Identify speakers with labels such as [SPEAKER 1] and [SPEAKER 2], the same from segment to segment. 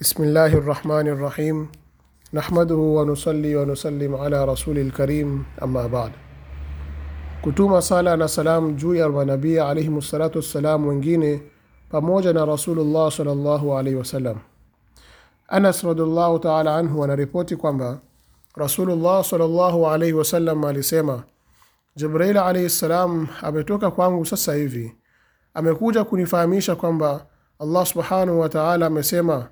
[SPEAKER 1] بسم rahmani الرحمن الرحيم wanusali wanusalim ونسلم rasuli lkarim الكريم أما kutuma sala na salam juu ya manabii alaihim salatu wassalam wengine pamoja na rasulullah salllahu alaihi wasallam anas radiallahu taala anhu anaripoti kwamba rasulullah salllahu alaihi wasallam alisema jibrail alaihi ssalam ametoka kwangu sasa hivi amekuja kunifahamisha kwamba allah subhanahu wataala amesema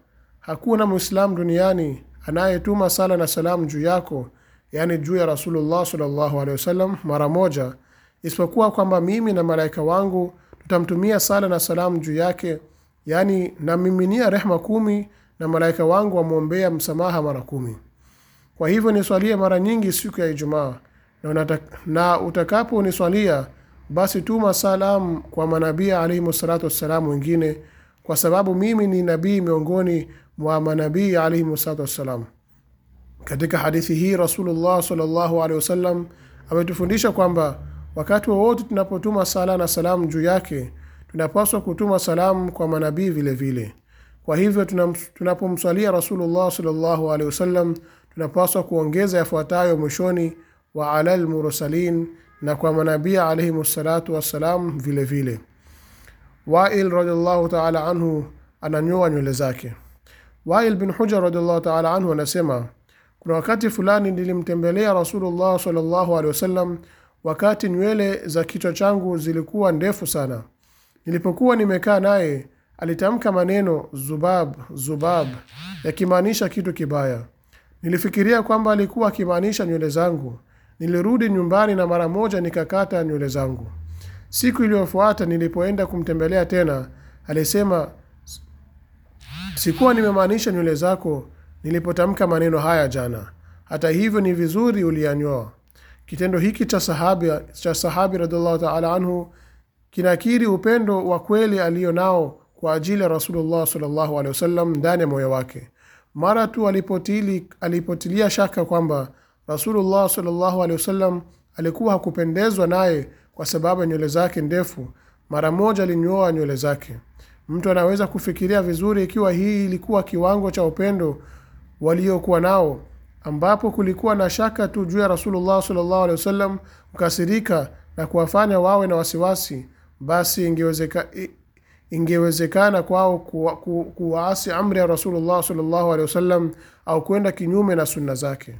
[SPEAKER 1] Hakuna Muislamu duniani anayetuma sala na salamu juu yako, yaani juu ya Rasulullah sallallahu alaihi wasallam mara moja, isipokuwa kwamba mimi na malaika wangu tutamtumia sala na salamu juu yake, yaani nammiminia rehma kumi na malaika wangu wamwombea msamaha mara kumi. Kwa hivyo niswalie mara nyingi siku ya Ijumaa, na utakaponiswalia basi tuma salamu kwa manabii salatu wassalamu wengine, kwa sababu mimi ni nabii miongoni wa manabii alaihim wassalatu wassalam. Katika hadithi hii Rasulullah sallallahu alaihi wasallam ametufundisha kwamba wakati wowote wa tunapotuma sala na salamu juu yake tunapaswa kutuma salamu kwa manabii vile vile. Kwa hivyo tunapomswalia Rasulullah sallallahu alaihi wasallam tunapaswa kuongeza yafuatayo mwishoni, wa alal mursalin, na kwa manabii alaihim salatu wassalam vile vile. Wail radiallahu taala anhu ananyoa nywele zake. Wail bin Hujar radhiallahu taala anhu anasema kuna wakati fulani nilimtembelea Rasulullah sallallahu alaihi wasallam wakati nywele za kichwa changu zilikuwa ndefu sana. Nilipokuwa nimekaa naye, alitamka maneno zubab zubab, yakimaanisha kitu kibaya. Nilifikiria kwamba alikuwa akimaanisha nywele zangu. Nilirudi nyumbani na mara moja nikakata nywele zangu. Siku iliyofuata nilipoenda kumtembelea tena, alisema Sikuwa nimemaanisha nywele zako nilipotamka maneno haya jana, hata hivyo ni vizuri ulianyoa Kitendo hiki cha sahabi, cha sahabi radhiallahu taala anhu kinakiri upendo wa kweli aliyo nao kwa ajili ya Rasulullah sallallahu alaihi wasallam ndani ya moyo wake. Mara tu alipotili, alipotilia shaka kwamba Rasulullah sallallahu alaihi wasallam alikuwa hakupendezwa naye kwa sababu ya nywele zake ndefu, mara moja alinyoa nywele zake. Mtu anaweza kufikiria vizuri ikiwa hii ilikuwa kiwango cha upendo waliokuwa nao, ambapo kulikuwa na shaka tu juu ya Rasulullah sallallahu alaihi wasallam kukasirika na kuwafanya wawe na wasiwasi, basi ingewezeka, ingewezekana kwao kuwaasi ku, ku, amri ya Rasulullah sallallahu alaihi wasallam au kwenda kinyume na sunna zake.